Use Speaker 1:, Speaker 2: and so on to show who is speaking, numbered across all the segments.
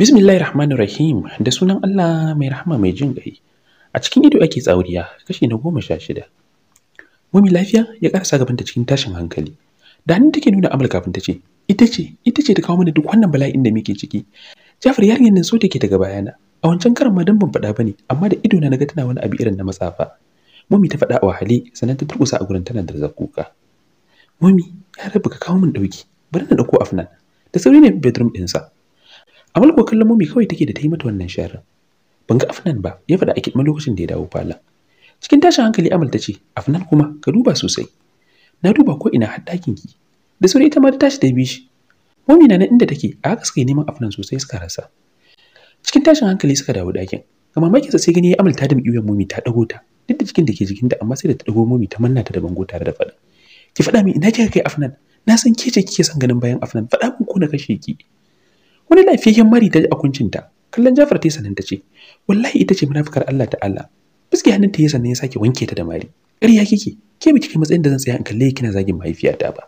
Speaker 1: Bismillahir Rahmanir Rahim da sunan Allah mai rahama mai jin gai. A cikin ido ake tsauriya kashi na goma sha shida. Mumi lafiya ya karasa gabanta cikin tashin hankali. Da hannun take nuna Amal kafin ta ce, "Ita ce, ita ce ta kawo mana duk wannan bala'in da muke ciki." Jafar yarinyar nan so take daga bayana. A wancan karan ma dan ban faɗa bane, amma da ido na naga tana wani abu irin na matsafa. Mummy ta faɗa a wahale sannan ta turkusa a gurin tana da zakuka. Mummy, ya rabu ka kawo min ɗauki. Bari na ɗauko Afnan. Da sauri ne bedroom ɗinsa. Amal ko kallon Mummy kawai take da ta yi mata wannan sharar. Ban ga Afnan ba, ya faɗa a kiɗma lokacin da ya dawo fala. Cikin tashin hankali Amal ta ce, Afnan kuma ka duba sosai. Na duba ko ina har ɗakin ki. Da sauri ita ma ta tashi ta bi shi. Mummy na nan inda take, a haka suka yi neman Afnan sosai suka rasa. Cikin tashin hankali suka dawo ɗakin. Ga mamakinsa sai gani ya amalta da mu'iyyar mumi ta ɗago ta. duk da cikin da ke jikinta amma sai da ta dago momi ta manna ta da bango tare da fada ki faɗa min ina kika kai afnan na san ke ce kike son ganin bayan afnan fada min ko na kashe ki wani lafiyayyen mari ta ji a kuncinta kallon Jafar ta sanin ta ce wallahi ita ce munafikar Allah Allah. biski hannun ta sannan ya sake wanke ta da mari ƙarya kike ke biki kai matsayin da zan tsaya in kalle kina zagin mahaifiyata ba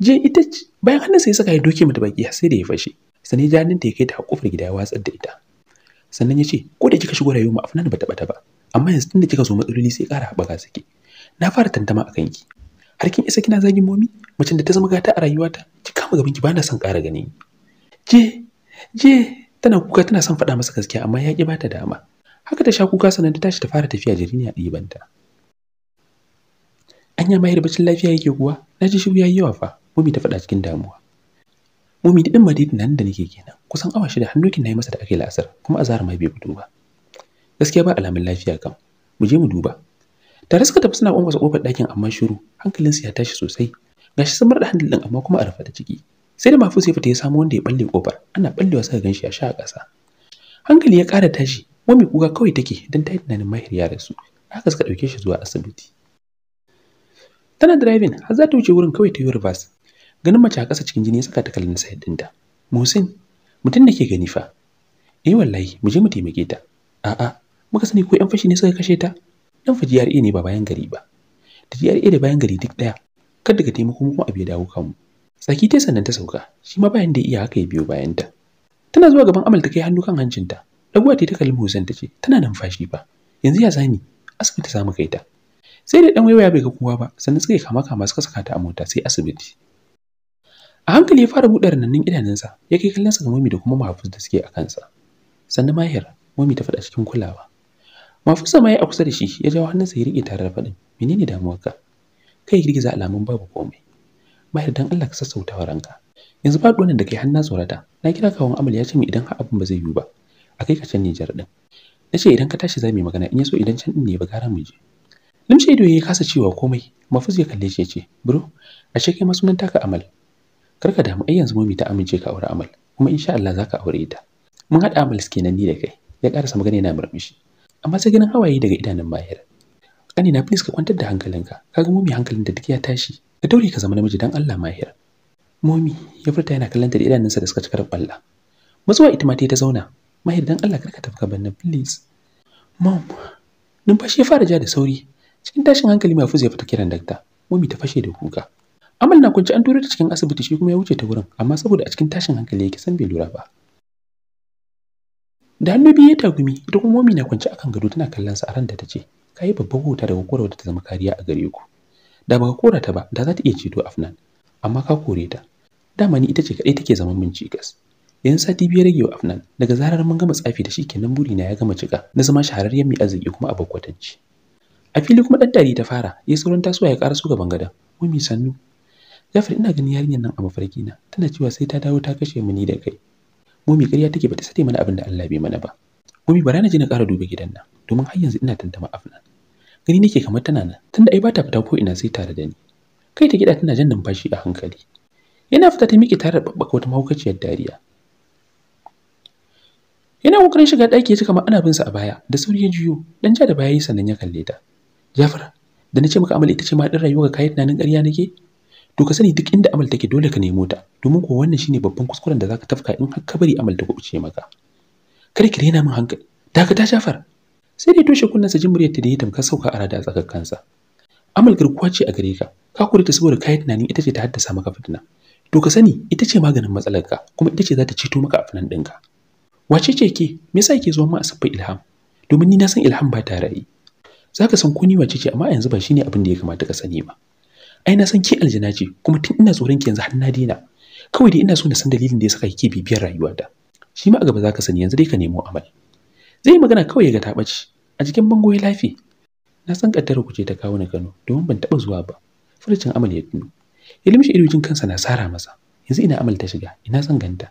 Speaker 1: je ita bayan hannun sai saka ya doke mata baki sai da ya fashe sanin ya ja hannun ta ya kai ta kofar gida ya watsar da ita sannan ya ce ko da kika shigo rayuwa mu afnan ba ta bata ba amma yanzu tunda kika zo matsaloli sai ƙara haɓaka suke na fara tantama a kanki har kin isa kina zagin momi mace da ta zama gata a rayuwata ki kama gaban ki bana son ƙara ganin je je tana kuka tana son faɗa masa gaskiya amma ya ki bata dama haka ta sha kuka sannan ta tashi ta fara tafiya jiri a ɗibanta anya mahir bacin lafiya yake kuwa na ji shiru yayi yawa fa momi ta faɗa cikin damuwa momi da ɗin madidin nan da nake kenan kusan awa shida hannukin na yi masa da ake la'asar kuma azara ma bai fito ba gaskiya ba alamun lafiya kam mu je mu duba tare suka tafi suna ƙwanƙwasa ƙofar ɗakin amma shiru hankalinsu ya tashi sosai gashi sun da handil ɗin amma kuma a rufe da ciki sai da mafus ya fita ya samu wanda ya balle ƙofar. ana ballewa suka ganshi a sha a ƙasa hankali ya ƙara tashi wani kuka kawai take don ta yi tunanin mahir ya rasu haka suka ɗauke shi zuwa asibiti tana driving har za ta wuce wurin kawai ta yi reverse ganin mace a ƙasa cikin jini ya saka ta kallon sayar ɗinta musin mutum da ke gani fa eh wallahi mu je mu taimake ta a'a muka sani ko 'yan fashi ne suka kashe ta dan fa GRA ne ba bayan gari ba da GRA da bayan gari duk ɗaya. kar daga taimako mu kuma abu ya dawo mu saki ta sannan ta sauka shi ma bayan da iya haka ya biyo bayan ta tana zuwa gaban Amal ta kai hannu kan hancinta daguwa ta kalli Hussein ta ce tana numfashi ba yanzu ya zani, asibiti samu kai ta sai da ɗan waiwaya bai ga kowa ba sannan suka yi kama kama suka saka ta a mota sai asibiti a hankali ya fara buɗe rannanin idanunsa ya kai kallon sa ga mami da kuma mahafuz da suke a kansa sannan mahir mami ta faɗa cikin kulawa mafusa ya a kusa da shi ya jawo hannunsa ya riƙe tare da faɗin menene damuwarka kai girgiza alamun babu komai bayar dan Allah ka sassauta wa ranka yanzu ba nan da kai har na tsorata na kira kawun amal ya ce min idan har abin ba zai yiwu ba a kai ka can Nijar Na nace idan ka tashi mu yi magana in ya so idan can ɗin ne ba gara mu je limshe ido ya yi kasa cewa komai mafus ya kalle shi ya ce bro ashe kai ma sunan taka amal kar ka damu ai yanzu mami ta amince ka aure amal kuma insha Allah za ka aure ta mun haɗa amal kenan ni da kai ya ƙarasa magana yana murmushi amma sai ganin hawaye daga idanun mahir Kanina, please ka kwantar da hankalinka Ka ga momi hankalin da take ya tashi ka daure ka zama namiji dan Allah mahir momi ya furta yana kallon ta da idanunsa da suka cika da kwalla ita ma ta zauna mahir dan Allah karka tafi ka banna please mom numfashi ya fara ja da sauri cikin tashin hankali mai fuzi ya fita kiran dakta momi ta fashe da kuka amal na kunci an turo ta cikin asibiti shi kuma ya wuce ta wurin amma saboda a cikin tashin hankali yake san bai lura ba da hannu biyu ya tagumi ita kuma momi na kwance akan gado tana kallon sa a ranta ta ce ka yi babban wuta daga kora da ta zama kariya a gare ku da baka kora ta ba da za ta iya ceto afnan amma ka kore ta dama ni ita ce kaɗai take zaman min cikas yan sati biyar rage wa afnan daga zarar mun gama tsafi da shi kenan na ya gama cika na zama shahararren mai arziki kuma a bakwatanci a fili kuma ɗan dari ta fara ya sauran tasowa ya ƙara su gaban gada Mami, sannu jafar ina ganin yarinyar nan a mafarkina. tana cewa sai ta dawo ta kashe mu ni da kai mai ƙarya take bata sade mana abin da Allah bai mana ba momi bara na je na ƙara duba gidan nan domin har yanzu ina tantama afnan gani nake kamar tana nan tunda ai ba ta fita ko ina sai tare da ni kai ta gida tana jan numfashi a hankali yana fita ta miƙe tare da babbaka wata mahaukaciyar dariya yana kokarin shiga ɗaki ya ci kamar ana bin sa a baya da sauri ya juyo dan ja da baya yi sannan ya kalle ta jafar da na ce maka amal ita ce ma ɗin rayuwa ga kayan tunanin ƙarya nake to ka sani duk inda amal take dole ka nemo ta domin kuwa wannan shine babban kuskuren da zaka tafka in har ka bari amal ta kuce maka Kar ki rena min hankali ta Jafar sai dai toshe sa jin muryar ta da ya tamka sauka a rada a tsakar kansa amal garkuwa ce a gare ka ka kure ta saboda kayan tunanin ita ce ta haddasa maka fitina to ka sani ita ce maganin matsalar ka kuma ita ce za ta ceto maka afinan ɗinka wace ce ke me yasa yake zuwa ma a sabbin ilham domin ni na san ilham ba ta ra'ayi zaka san ko ni wace ce amma yanzu ba shine abin da ya kamata ka sani ba ai na san ki aljina ce kuma tun ina tsoron ki yanzu har na dina kawai dai ina so na san dalilin da ya saka kike bibiyar rayuwata shi ma a gaba zaka sani yanzu dai ka nemo amal zai magana kawai ya ga ta bace a cikin bango ya lafi na san kaddara ku ce ta kawo ni Kano domin ban taɓa zuwa ba furucin amal ya tuno ya limshi idojin kansa na sara masa yanzu ina amal ta shiga ina san ganta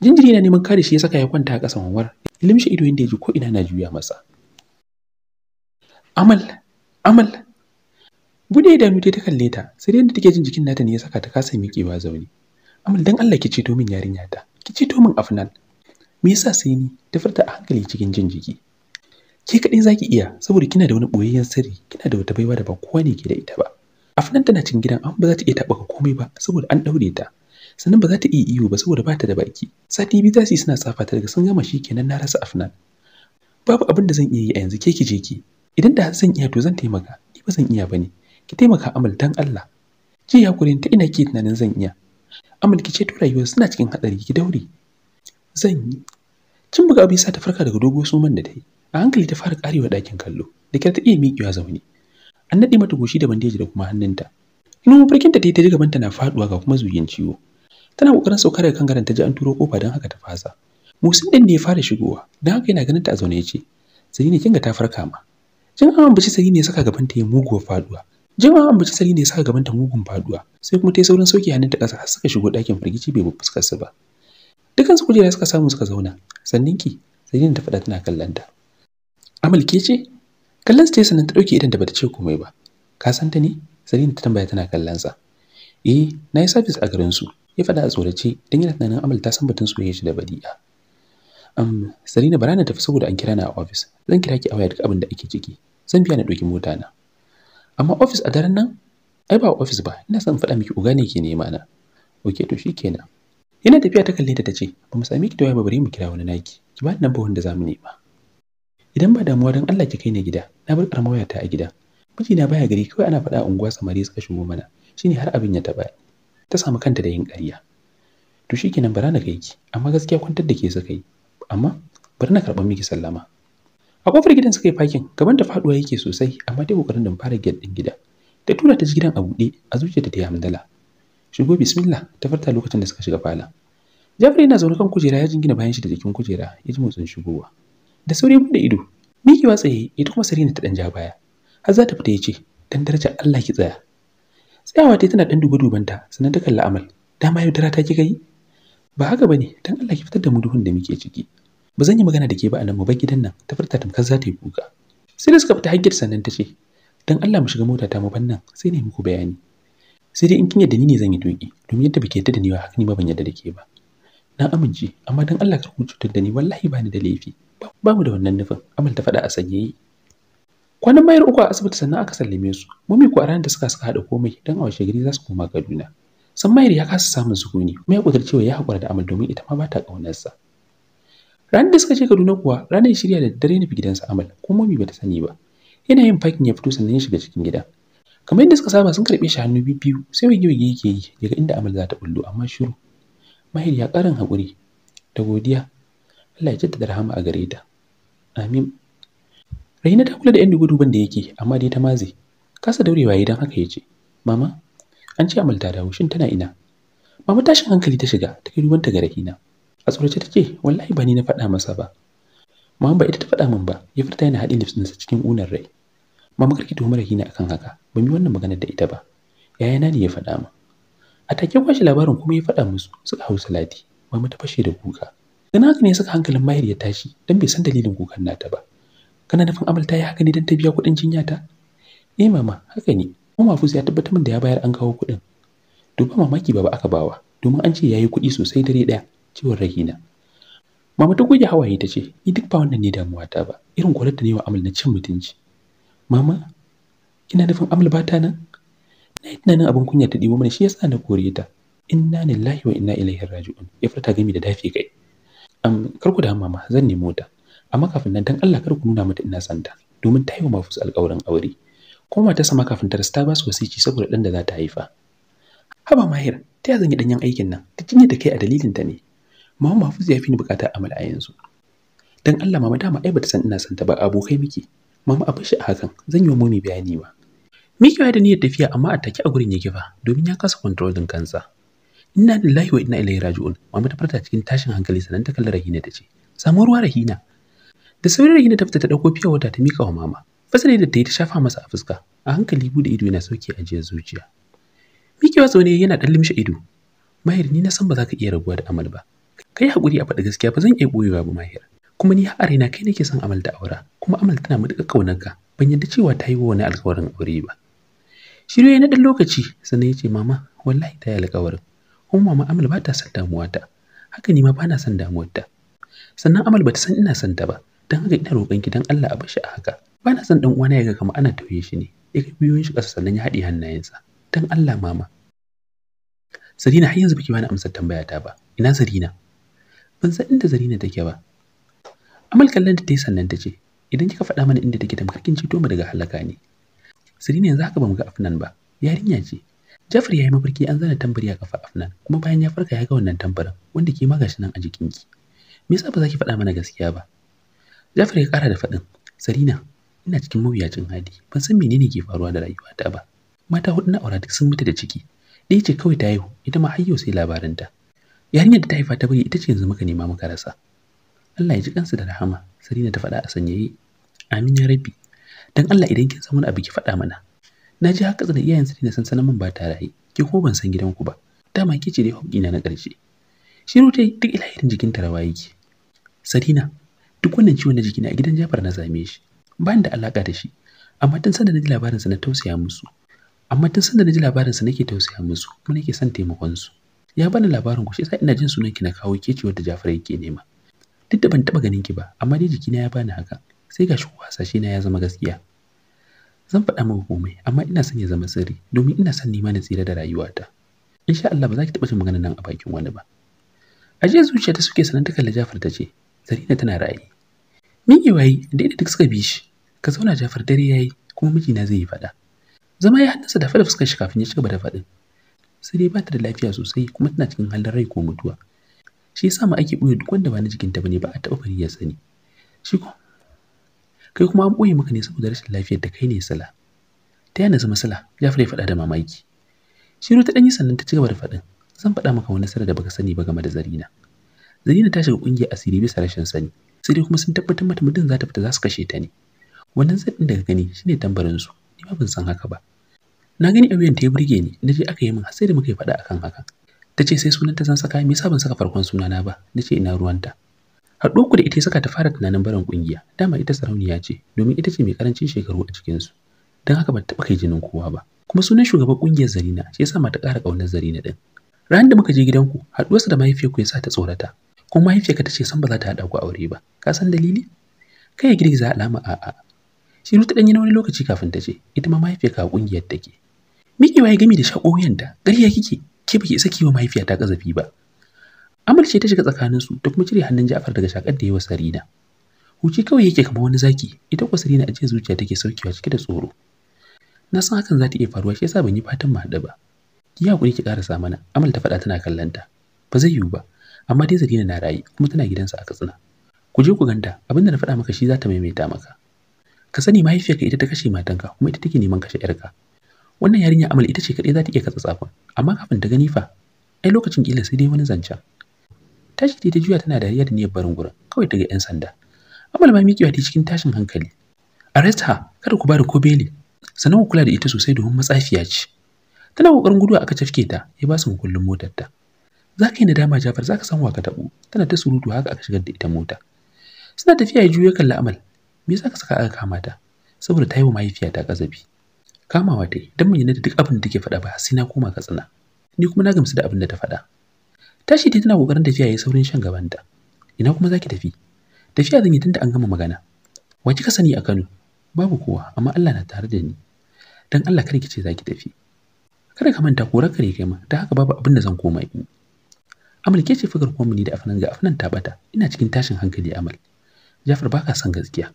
Speaker 1: jinjiri na neman kare shi ya saka ya kwanta a kasan wawar ya limshi ido da ya ji ko ina na juya masa amal amal bude idanu dai ta kalle ta sai dai da take jin jikin nata ne ya saka ta kasa kewa zaune amal dan Allah ki ceto min yarinya ta ki ceto min afnan me yasa sai ni ta furta a hankali cikin jin jiki ke kadai zaki iya saboda kina da wani boyayyen sirri kina da wata baiwa da ba kowa ne ke da ita ba afnan tana cikin gidan an ba za ta iya taba komai ba saboda an daure ta sannan ba za ta iya iyo ba saboda ba ta da baki sati biyu za su yi suna safa ta daga sun gama shi kenan na rasa afnan babu abin da zan iya yi a yanzu ke ki je ki idan da zan iya to zan taimaka ni ba zan iya bane ki taimaka amal dan Allah ki hakurin ta ina ki tunanin zan iya amal ki to rayuwar suna cikin hadari ki daure zan yi kin buga abin sa ta farka daga dogo suman da ta yi a hankali ta fara karewa dakin kallo da kyar ta iya miƙewa zaune an naɗe mata goshi da bandeji da kuma hannunta ina mafarkin ta ta yi ta ji ta na faɗuwa ga kuma zuyin ciwo tana kokarin saukar da kangaren ta ji an turo kofa don haka ta fasa musin ɗin ne ya fara shigowa don haka yana ganin ta a zaune ya ce sai ne kinga ta farka ma jin an ambaci sai ne saka gabanta ya muguwa faduwa Jama'an mace sani ne saka gabanta mugun faduwa sai kuma ta yi saurin sauke hannunta kasa, har suka shigo ɗakin firgici bai fuskar su ba dukan su kujera suka samu suka zauna sannan ki zainin ta fada tana kallon ta amal ke ce kallon ta sannan ta dauke idan da bata ce komai ba ka san ta ne zainin ta tambaya tana kallon sa eh na yi sabis a garin su ya faɗa a tsorace dan yana tunanin amal ta san batun yayi shi da badi'a um, Sarina barana tafi saboda an kira na a ofis. Zan kira ki a waya duk abin da ake ciki. Zan biya na doki mota na. amma ofis a daren nan ai ba ofis ba ina son faɗa miki uga ne ke nema na oke to shi kenan. yana tafiya ta kalle ta tace ba mu sami ki da bari mu kira wani naki ki ba nan ba wanda zamu nema idan ba damuwa dan Allah ki kai ni gida na bar karamar wayata a gida na baya gari kawai ana faɗa unguwa samari suka shigo mana shine har abin ya taba ta samu kanta da yin ƙarya to shi kenan bara na kai ki amma gaskiya kwantar da ke suka yi amma bari na karɓar miki sallama a kofar gidan suka yi fakin gaban da faduwa yake sosai amma dai kokarin da fara gate din gida ta tura ta gidan a buɗe a zuciya ta yi Mandala. shigo bismillah ta farta lokacin da suka shiga fala Jafar yana zaune kan kujera ya jingina bayan shi da jikin kujera ya ji motsin shigowa da sauri bude ido miki wa tsaye ita kuma Sarina ta dan ja baya har za ta fita ya ce dan daraja Allah ki tsaya tsayawa ta tana dan duba dubanta sannan ta amal dama yau dara ta kika yi ba haka bane dan Allah ki fitar da mu duhun da muke ciki ba zan yi magana da ke ba a nan mu gidan nan ta furta tamkar za ta yi kuka sai da suka fita haggir sannan ta ce dan Allah mu shiga mota ta mu bannan sai ne muku bayani sai dai in kin yadda ni ne zan yi doki domin yadda bake yadda da ni ba haka ni ma ban yadda da ke ba na amince amma dan Allah kar ku cutar da ni wallahi ba ni da laifi ba mu da wannan nufin amal ta faɗa a yi. kwanan mayar uku a asibiti sannan aka sallame su mummy ko a ranar da suka suka hada komai dan a washe gari za su koma kaduna san mayar ya kasa samun sukuni kuma ya kudurce ya hakura da amal domin ita ma ba ta ƙaunarsa Ranar da suka je Kaduna kuwa ranar shirya da dare nufi gidansa Amal ko mami bata sani ba. Yana yin fakin ya fito sannan ya shiga cikin gida. Kamar yadda suka saba sun karɓe shi hannu biyu sai wage wage yake yi daga inda Amal za ta bullo amma shiru. Mahir ya ƙarin haƙuri da godiya. Allah ya jaddada rahama a gare ta. Amin. Rahina ta kula da yan dubu-duban da yake amma dai ta maze. Kasa daurewa waye dan haka ya ce, Mama, an ce Amal ta dawo shin tana ina? Mama tashin hankali ta shiga ta kai ruwanta ga Rahina. a ta ce, wallahi ba ni na faɗa masa ba mama ba ita ta faɗa min ba ya furta yana haɗin lips cikin unar rai mama karki mara hina akan haka ban yi wannan magana da ita ba na ne ya faɗa min a take kwashi labarin kuma ya faɗa musu suka hau salati mama ta fashe da kuka dan haka ne suka hankalin mayar ya tashi dan bai san dalilin kukan nata ba kana nufin amal ta yi haka ne dan ta biya kuɗin jinya ta eh mama haka ne kuma mafus ya tabbatar min da ya bayar an kawo kuɗin duba mamaki ba ba aka bawa domin an ce yayi kuɗi sosai dare ɗaya ciwon rahina mama ta goge hawaye ta ce ni duk ba wannan ne damuwa ta ba irin kwalar da ne wa amal na cin mutunci mama ina nufin amal ba ta nan na yi tunanin abin kunya ta ɗibo mana shi ya sa na kore ta inna lillahi wa inna ilaihi raji'un ya furta gami da dafi kai am kar ku da mama zan nemo ta amma kafin nan dan Allah kar ku nuna mata ina santa domin ta yi wa mafus alƙawarin aure kuma matarsa ma kafin ta rasta ba su wasiki saboda ɗan da za ta haifa haba mahir ta zan yi ɗanyen aikin nan ta cinye ta kai a dalilin ne Mama Mahfuz ya fi ni bukatar Amal a yanzu. Dan Allah mama dama ai bata san ina santa ta ba abokai muke. Mama a bashi a hakan zan yi wa mami bayani ba. Mikewa da niyyar tafiya amma a take a gurin ya ba domin ya kasa control din kansa. Inna lillahi wa inna ilaihi raji'un. Mama ta farta cikin tashin hankali sannan ta kalli Rahina ta ce, "Samu ruwa Rahina." Da sauri Rahina ta fita ta dauko fiya wata ta mika wa mama. Fasali da ta yi ta shafa masa a fuska, a hankali bude ido yana sauke ajiyar zuciya. Mikewa zaune yana dan limshe ido. Mahir ni na san ba za ka iya rabuwa da Amal ba, kai hakuri a faɗi gaskiya ba zan iya boyewa ba mahira kuma ni har ina kai nake son amal da aura kuma amal tana matuƙar ƙaunar ka ban yadda cewa ta yi wa wani alƙawarin aure ba shirye na ɗan lokaci sannan ya ce mama wallahi ta yi alƙawarin kuma mama amal ba ta son ta, haka ni ma ba na son damuwarta sannan amal ba ta san ina son ta ba don haka ina roƙon ki don Allah a bashi a haka ba na son dan uwana ya ga kamar ana tauye shi ne ya ga biyoyin shi ƙasa sannan ya haɗe hannayensa don Allah mama Sarina har yanzu baki bani amsar tambayata ba ina Sarina ban san inda zarina take ba amal kallon ta yi sannan ta ce idan kika faɗa mana inda take tamkar kin ceto mu daga halaka ne zarina yanzu haka ba mu ga afnan ba yarinya ce Jafri ya yi mafarki an zana tambari a kafa afnan kuma bayan ya farka ya ga wannan tambarin wanda ke magashi nan a jikinki me yasa ba za ki faɗa mana gaskiya ba Jafri ya ƙara da faɗin Zarina, ina cikin mawuyacin hali ban san menene ke faruwa da rayuwata ba mata huɗu na aure duk sun mutu da ciki ɗaya ce kawai ta haihu ita ma har yau sai labarinta yarinyar da ta haifa ta bari ita ce yanzu muka nema muka rasa Allah ya ji kansu da rahama Sarina ta faɗa a sanyaye amin ya rabbi dan Allah idan kin san wani abu ki faɗa mana na ji haka tsana iyayen Sarina san sanan bata ba ta raye ki ko ban san gidanku ba dama ki ce dai hukki na ƙarshe shiru ta duk ilahirin jikin ta rawa yake Sarina duk wannan ciwon na jikina a gidan Jafar na same shi bayan da alaka da shi amma tun sanda na ji labarinsa na tausaya musu amma tun sanda na ji labarinsa nake tausaya musu kuma nake son su. ya bani labarin ku shi yasa ina jin sunan ki na kawo ke ce wadda Jafar yake nema duk da ban taba ganin ki ba amma dai jikina ya bani haka sai gashi ku shi na ya zama gaskiya zan faɗa muku komai amma ina son ya zama sirri domin ina son nima na tsira da rayuwata insha Allah ba za ki taɓa jin magana nan a bakin wani ba a zuciya ta suke sanar ta kalli Jafar ta ce Zarina tana ra'ayi yi waye da duk suka bi shi ka zauna Jafar dare yayi kuma mijina zai yi faɗa zama ya hannasa da fada fuskar shi kafin ya ci gaba da faɗin sai dai ba ta da lafiya sosai kuma tana cikin halin rai ko mutuwa shi yasa ma ake ɓoye duk wanda ba na jikinta bane ba a taɓa fari ya sani shi ko kai kuma an ɓoye maka ne saboda rashin lafiyar da kai ne sala ta yana zama sala ya ya faɗa da mamaki shi ta ɗanyi sannan ta ci gaba da faɗin zan faɗa maka wani sirri da baka sani ba game da zarina zarina ta shiga ƙungiyar asiri bisa rashin sani sai dai kuma sun tabbatar mata mutum za ta fita za su kashe ta ne wannan zaɗin ɗin daga gani shine tambarin su ni ba ban san haka ba na gani auren ta ya burge ni na je aka yi min sai da muka yi faɗa akan haka ta ce sai sunanta zan saka me yasa ban saka farkon sunana ba na ce ina ruwanta haɗo ku da ita saka ta fara tunanin barin ƙungiya dama ita sarauniya ce domin ita ce mai karancin shekaru a cikin su don haka ba ta taɓa kai jinin kowa ba kuma sunan shugaban ƙungiyar zarina shi yasa mata ƙara kaunar zarina din Ran da muka je gidanku haɗuwarsa da mahaifiyarku ya sa ta tsorata kuma mahaifiyarka ta ce san ba za ta hada ku aure ba ka san dalili kai ya girgiza alama a shi ta yi na wani lokaci kafin ta ce ita ma mahaifiyarka a kungiyar take Mikiwa ya gami da shakoyan da ƙarya kike, ke baki isa kiwa mahaifiyata kazafi ba. Amal ta shiga tsakaninsu ta kuma cire hannun Ja'far daga shakar da yawa Sarina. Huci kawai yake kamar wani zaki, ita kuwa Sarina a cikin zuciya take saukewa cike da tsoro. Na san hakan za ta iya faruwa shi yasa ban yi fatan mu haɗu ba. Ki hakuri ki ƙarasa mana, Amal ta faɗa tana kallon ta. Ba zai yiwu ba, amma dai Sarina na raye kuma tana gidansa a Katsina. Ku je ku ganta, abin da na faɗa maka shi za ta maimaita maka. Ka sani mahaifiyarka ita ta kashe matanka kuma ita take neman kashe 'yarka. wannan yarinya amal ita ce kaɗai za ta iya katsa tsafin amma kafin ta gani fa ai lokacin kila sai dai wani zancen tashi ta juya tana dariya da niyyar barin gurin kawai daga 'yan sanda amal ma miƙewa ta cikin tashin hankali arrest her kada ku bada ko beli sannan ku kula da ita sosai domin matsafiya ce tana kokarin guduwa aka cafke ta ya ba su kullun motar ta za ka yi nadama Jafar za ka san wa ka taɓo tana ta surutu haka aka shigar da ita mota suna tafiya ya juya kalla amal me yasa ka saka aka kama ta saboda ta yi wa mahaifiyata kazabi kamawa ta yi don mai da duk abin da take faɗa ba sai na koma ka katsina ni kuma na gamsu da abin da ta faɗa tashi ta tana kokarin tafiya yi saurin shan gabanta ina kuma zaki tafi tafiya zan yi tunda an gama magana wa kika sani a Kano babu kowa amma Allah na tare da ni dan Allah kar ki ce zaki tafi kada ka manta korar ka ne kai ma ta haka babu abin da zan koma yi Amal ke ce fikar muni da afnan ga afnan ta bata ina cikin tashin hankali Amal Jafar baka san gaskiya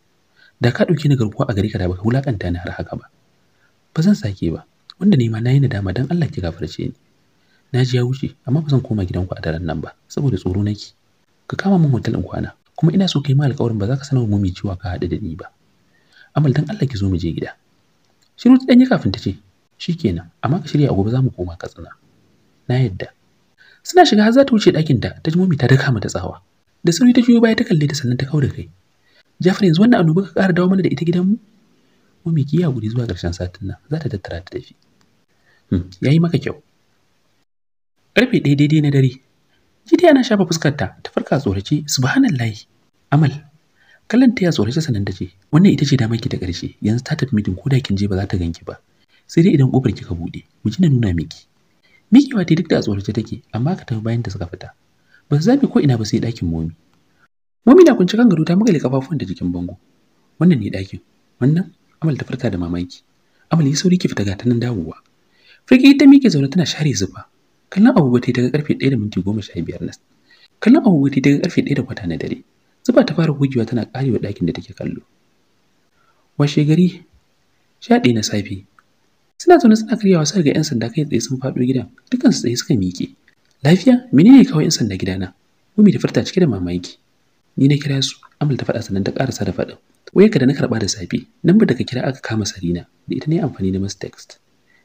Speaker 1: da ka dauke ni garkuwa a gari ka da baka wulakanta ni har haka ba ba zan sake ba wanda nema na yi nadama don Allah ki gafarce ni na ji ya wuce amma ba zan koma gidanku a daren nan ba saboda tsoro nake ka kama min hotel in kwana kuma ina so kai ma alƙawarin ba za ka sanar mai cewa ka haɗu da ni ba amal dan Allah ki zo mu je gida shiru ta danyi kafin ta ce shikenan amma ka shirya a gobe za mu koma katsina na yadda suna shiga har za ta wuce ɗakin ta ta ji mummy ta daka mata tsawa da sauri ta juyo baya ta kalle ta sannan ta da kai Jafar yanzu wannan annoba ka ƙara dawo mana da ita gidanmu Mummy ki haƙuri zuwa ƙarshen satin nan za ta tattara ta tafi. Hmm, ya yi maka kyau. Ƙarfe ɗaya daidai na dare. Jide ana shafa fuskarta ta farka tsorace subhanallahi. Amal kallon ta ya tsorace sanan ce wannan ita ce damar ki ta ƙarshe yanzu ta tafi mitin ko da kin je ba za ta ki ba. Sai dai idan ƙofar kika buɗe mu ji na nuna miki. Mikiwa ta duk da tsorace take amma ka tafi bayan ta suka fita. Ba su zabi ko ina ba sai ɗakin momi. Momi na kunci kan gado ta magale kafafun da jikin bango. Wannan ne ɗakin. Wannan Amal ta furta da mamaki. Amal ya sauri ki fita ga ta dawowa. firki ta miƙe zaune tana share zuba. Kallon abubuwa ta daga karfe 1 da minti 15 na. Kallon abubuwa ta daga karfe 1 da kwata na dare. Zuba ta fara gujewa tana karewa ɗakin da take kallo. Washe gari sha na safe. Suna zaune suna karya sai ga 'yan sanda kai tsaye sun faɗo gidan. Dukansu tsaye suka miƙe. Lafiya, menene kawai 'yan sanda gidana? Wumi ta Farta cike da mamaki. Ni na kira su, Amal ta faɗa sannan ta ƙarasa da faɗin. wayarka da na karɓa da safe lambar da ka kira aka kama sarina da ita ne amfani na mass text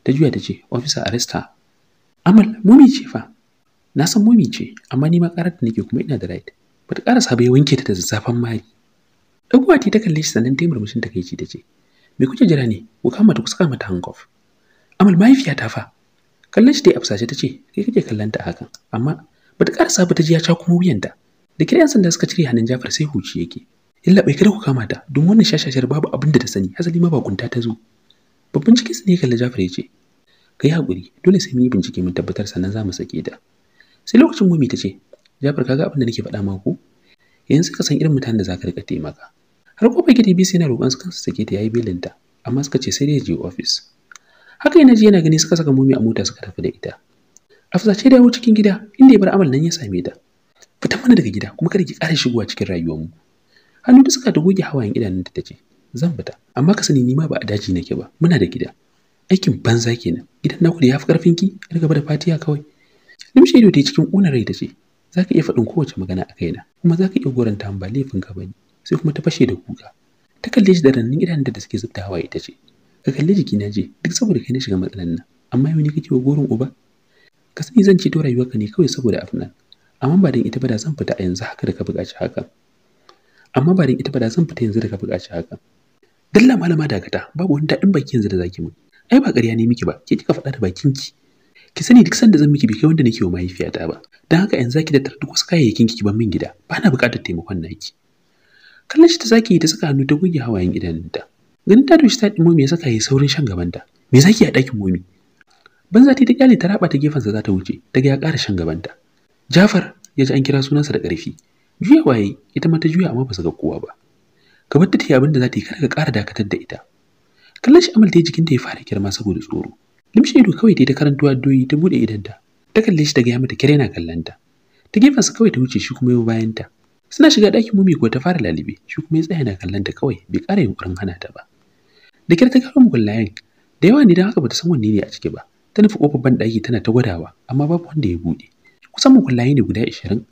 Speaker 1: ta juya ta ce officer arrest her amal mumi ce fa na san mumi ce amma ni ma karar da nake kuma ina da right bata ƙara sabo ya wanke ta da zazzafan mari ɗaguwa ta kalle shi sannan taimar murmushin ta kai ta ce me kuke jira ne ku kama ta ku saka mata hankof amal mahaifiya ta fa kallon shi ta yi fusace ta ce kai kake kallon ta hakan amma bata ƙara sabo ta ji ya ca kuma wuyanta da kiran sanda suka cire hannun jafar sai huci yake illa bai kada ku kama ta don wannan shashashar babu abin da ta sani hasali ma bakunta ta zo babban cikin sa ne kalla Jafar ya ce kai hakuri dole sai mun yi bincike mun tabbatar sannan za mu sake ta sai lokacin mumi ta ce Jafar kaga abin da nake faɗa maku yanzu ka san irin mutanen da za ka rika taimaka har kofar gidi Bisi na roƙon su kansu sake ta yayi belin ta amma suka ce sai dai je office haka yana ji yana gani suka saka mumi a mota suka tafi da ita Afza ce dawo cikin gida inda ya bar amal nan ya same ta fita mana daga gida kuma kada ki ƙara shigowa cikin rayuwarmu hannu ta saka ta goge hawayen idanunta ta ce zan fita amma ka sani ni ma ba a daji nake ba muna da gida aikin banza kenan idan naku da yafi karfin ki ki gaba da fatiya kawai limshe ido ta cikin ƙunar rai tace ce za ka iya faɗin kowace magana a kaina kuma za ka iya goranta ba laifin ka bane sai kuma ta fashe da kuka ta kalle shi da rannin idanunta da suke zubta hawaye tace ce ka kalle jikina je duk saboda kai na shiga matsalan nan amma yau ne kake wa gorin uba ka sani zan ceto rayuwarka ne kawai saboda afnan amma ba dan ita ba da zan fita a yanzu haka da ka buƙaci haka amma ba ita ba da zan fita yanzu da ka buƙaci haka dalla malama dakata babu wani daɗin baki yanzu da zaki mun ai ba ƙarya ne miki ba ke kika faɗa da bakin ki ki sani duk sanda zan miki bi kai wanda nake wa mahaifiyata ba dan haka yanzu zaki tar duk wasu kayayyakin ki ban min gida ba na buƙatar taimakon naki kallon shi ta zaki ta saka hannu ta goge hawayen idanunta ganin ta doshi ta momi me ya saka yi saurin shan gabanta me zaki a ɗakin momi banza ta kyale ta raba ta sa za ta wuce ta ga ya ƙara shan gabanta Jafar ya ji an kira sunansa da ƙarfi juya waye ita ma ta juya amma ba su ga kowa ba ka bar ta yi abin da za ta yi kada ka ƙara dakatar da ita kallon shi amal ta yi jikinta ya fara girma saboda tsoro limshe ido kawai ta yi ta karanta doyi ta buɗe idanta ta kalle shi ta gaya mata kira yana kallon ta ta su kawai ta wuce shi kuma ya bayan ta suna shiga ɗakin mumi kuwa ta fara lalibe shi kuma ya tsaya yana kallon ta kawai bai ƙara yunƙurin hana ta ba da kyar ta gano mugullayen da yawa ne don haka bata san wanne ne a ciki ba ta nufi kofar ban tana ta gwadawa amma babu wanda ya buɗe kusan mugullaye ne guda ashirin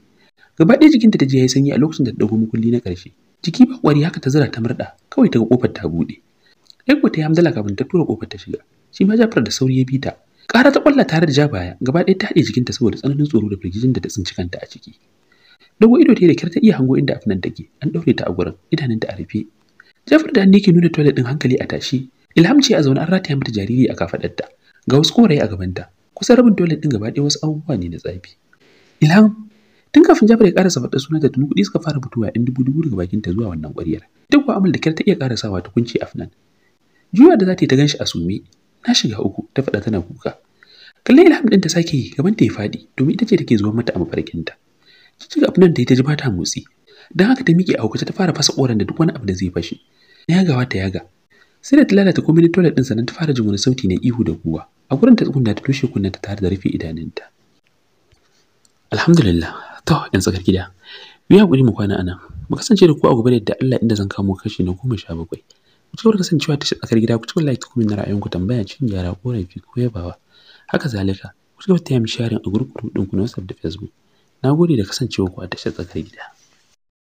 Speaker 1: gaba ɗaya jikinta ta ji yayi sanyi a lokacin da ta ɗauko mukulli na ƙarshe jiki ba ƙwari haka ta zira ta murɗa kawai ta ga ƙofar ta buɗe Aiko ta yi hamzala kafin ta tura ƙofar ta shiga shi ma Jafar da sauri ya bi ta ƙara ta ƙwalla tare da ja baya gaba ɗaya ta haɗe jikinta saboda tsananin tsoro da firgijin da ta tsinci kanta a ciki dogo ido ta yi da kyar ta iya hango inda afinan take an ɗaure ta a gurin idanunta a rufe Jafar da hannu ke nuna toilet ɗin hankali a tashi Ilham ce a zaune an rataya mata jariri a kafaɗarta ga wasu koraye a gabanta kusan rabin toilet ɗin gaba ɗaya wasu abubuwa ne na tsafi Ilham tun kafin Jafar ya karasa faɗa sunan da tuni kuɗi suka fara fitowa in dubu dubu daga bakin ta zuwa wannan ƙwaryar duk kuwa amal da kyar ta iya ƙara sawa ta kunce afnan juya da za ta yi ta ganshi a sume na shiga uku ta faɗa tana kuka kalle ilham din ta sake yi gaban ta ya faɗi domin ita ce take zuwa mata a mafarkinta cikin afnan ta yi ta ji bata motsi don haka ta miƙe a hukace ta fara fasa ƙoran da duk wani abu da zai fashe yagawa ta yaga sai da ta lalata komai toilet ɗin sannan ta fara jin wani sauti na ihu da kuwa a gurin ta tsugunta ta tushe kunna tare da rufe idanunta alhamdulillah to ɗan tsakar gida biya hakuri mu kwana anan mu kasance da ku a gobe da Allah inda zan kamo kashi na goma sha bakwai ku kasancewa ta tsakar gida ku cigaba like ku na ku tambaya cin gyara korafi ko yabawa haka zalika ku cigaba ta yi mu a group ku ɗinku na WhatsApp da Facebook na gode da kasancewa ku a tashar tsakar gida